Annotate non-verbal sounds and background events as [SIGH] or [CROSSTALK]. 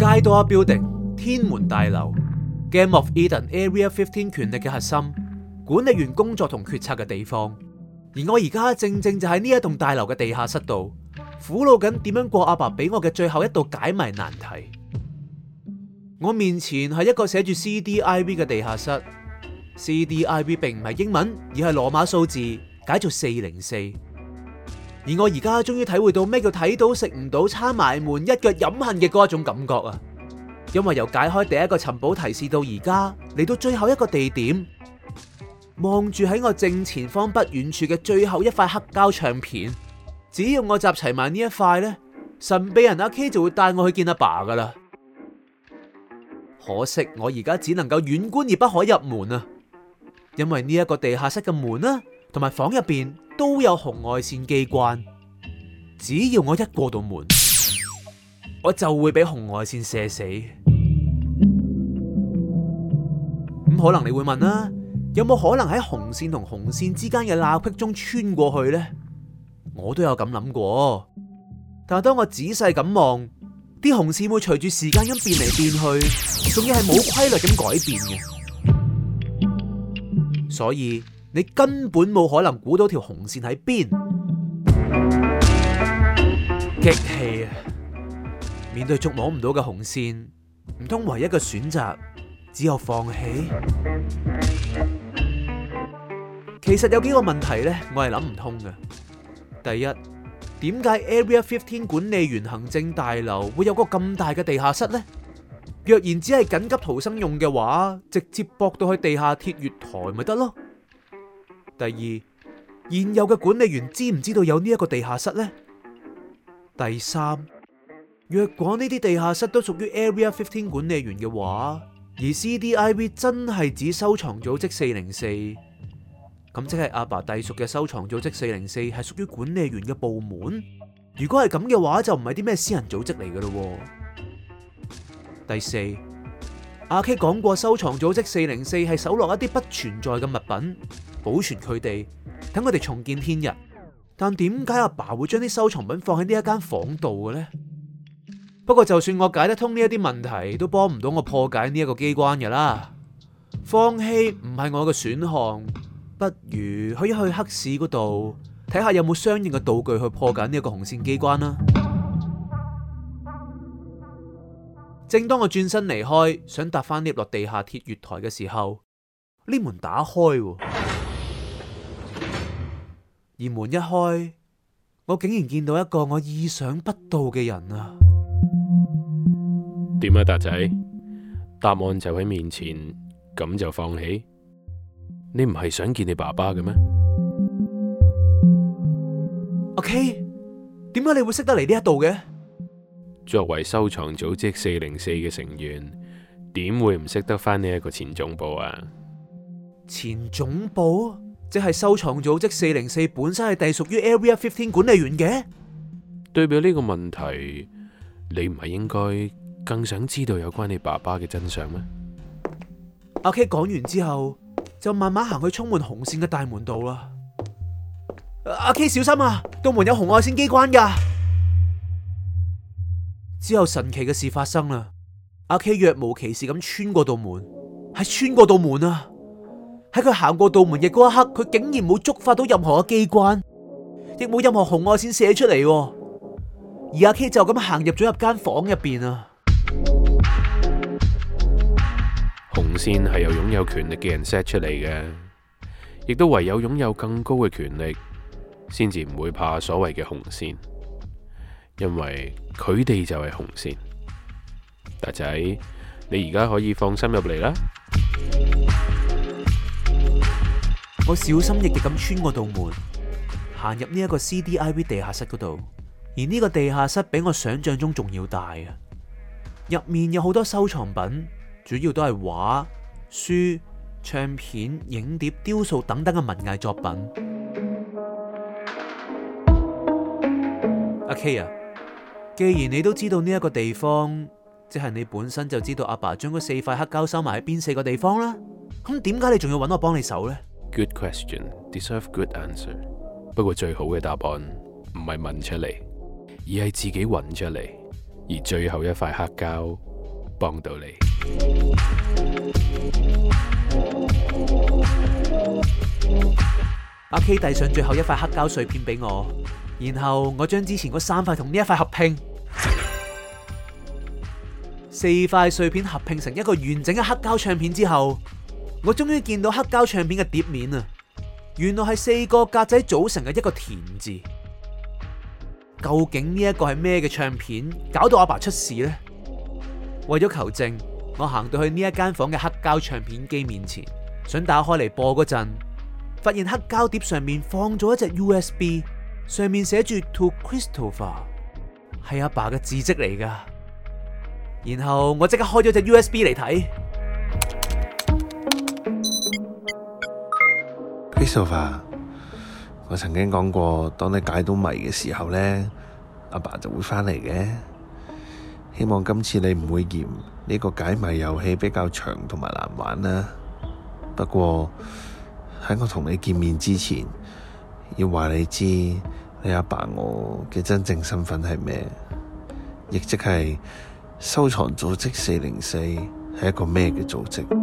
Sky Door Building，天門大樓，Game of Eden Area 15權力嘅核心，管理員工作同決策嘅地方。而我而家正正就喺呢一棟大樓嘅地下室度，苦惱緊點樣過阿爸俾我嘅最後一道解謎難題。我面前係一個寫住 CDIV 嘅地下室，CDIV 並唔係英文，而係羅馬數字，解做四零四。而我而家終於體會到咩叫睇到食唔到，差埋門一腳飲恨嘅嗰一種感覺啊！因為由解開第一個尋寶提示到而家，嚟到最後一個地點，望住喺我正前方不遠處嘅最後一塊黑膠唱片，只要我集齊埋呢一塊呢，神秘人阿 K 就會帶我去見阿爸噶啦。可惜我而家只能夠遠觀而不可入門啊！因為呢一個地下室嘅門啊，同埋房入邊。都有紅外線機關，只要我一過到門，我就會俾紅外線射死。咁可能你會問啦，有冇可能喺紅線同紅線之間嘅罅隙中穿過去呢？我都有咁諗過，但係當我仔細咁望，啲紅線會隨住時間咁變嚟變去，仲要係冇規律咁改變嘅，所以。你根本冇可能估到條紅線喺邊，激氣啊！面對捉摸唔到嘅紅線，唔通唯一嘅選擇只有放棄？其實有幾個問題呢，我係諗唔通嘅。第一，點解 Area 15管理員行政大樓會有個咁大嘅地下室呢？若然只係緊急逃生用嘅話，直接駁到去地下鐵月台咪得咯？第二，現有嘅管理員知唔知道有呢一個地下室呢？第三，若果呢啲地下室都屬於 Area Fifteen 管理員嘅話，而 CDIV 真係指收藏組織四零四，咁即係阿爸隸屬嘅收藏組織四零四係屬於管理員嘅部門。如果係咁嘅話，就唔係啲咩私人組織嚟嘅咯。第四，阿 K 講過收藏組織四零四係搜羅一啲不存在嘅物品。保存佢哋，等佢哋重見天日。但點解阿爸會將啲收藏品放喺呢一間房度嘅呢？不過就算我解得通呢一啲問題，都幫唔到我破解呢一個機關嘅啦。放棄唔係我嘅選項，不如去一去黑市嗰度睇下有冇相應嘅道具去破解呢一個紅線機關啦。 [NOISE] 正當我轉身離開，想搭翻 𨋢 落地下鐵月台嘅時候，𨋢 門打開。而門一開，我竟然見到一個我意想不到嘅人啊！點啊，達仔？答案就喺面前，咁就放棄？你唔係想見你爸爸嘅咩？阿 K！點解你會識得嚟呢一度嘅？作為收藏組織四零四嘅成員，點會唔識得翻呢一個前總部啊？前總部？即係收藏組織四零四本身係隸屬於 Area Fifteen 管理員嘅？對比呢個問題，你唔係應該更想知道有關你爸爸嘅真相咩？阿 K 講完之後，就慢慢行去充滿紅線嘅大門度啦、啊。阿 K 小心啊，度門有紅外線機關㗎。之後神奇嘅事發生啦，阿 K 若無其事咁穿過度門，係穿過度門啊！喺佢行過道門嘅嗰一刻，佢竟然冇觸發到任何嘅機關，亦冇任何紅外線射出嚟。而阿 K 就咁行入咗入間房入邊啊！紅線係由擁有權力嘅人 set 出嚟嘅，亦都唯有擁有更高嘅權力，先至唔會怕所謂嘅紅線，因為佢哋就係紅線。達仔，你而家可以放心入嚟啦。我小心翼翼咁穿過道門，行入呢一個 CDIV 地下室嗰度。而呢個地下室比我想象中仲要大啊！入面有好多收藏品，主要都係畫、書、唱片、影碟、雕塑等等嘅文藝作品。阿 K 啊，既然你都知道呢一個地方，即係你本身就知道阿爸將嗰四塊黑膠收埋喺邊四個地方啦，咁點解你仲要揾我幫你手呢？Good question, deserve good answer。不過最好嘅答案，唔係問出嚟，而係自己揾出嚟。而最後一塊黑膠幫到你。阿 K 遞上最後一塊黑膠碎片俾我，然後我將之前嗰三塊同呢一塊合拼， [LAUGHS] 四塊碎片合拼成一個完整嘅黑膠唱片之後，我終於見到黑膠唱片嘅碟面啊！原來係四個格仔組成嘅一個田字。究竟呢一個係咩嘅唱片，搞到阿爸出事呢？為咗求證，我行到去呢一間房嘅黑膠唱片機面前，想打開嚟播嗰陣，發現黑膠碟上面放咗一隻 USB，上面寫住 To Christopher，係阿爸嘅字跡嚟噶。然後我即刻開咗隻 USB 嚟睇。Christopeher，我曾經講過，當你解到謎嘅時候咧，阿爸，爸就會返嚟嘅。希望今次你唔會嫌呢個解謎遊戲比較長同埋難玩啦。不過喺我同你見面之前，要話你知，你阿爸，爸我嘅真正身份係咩，亦即係收藏組織四零四係一個咩嘅組織。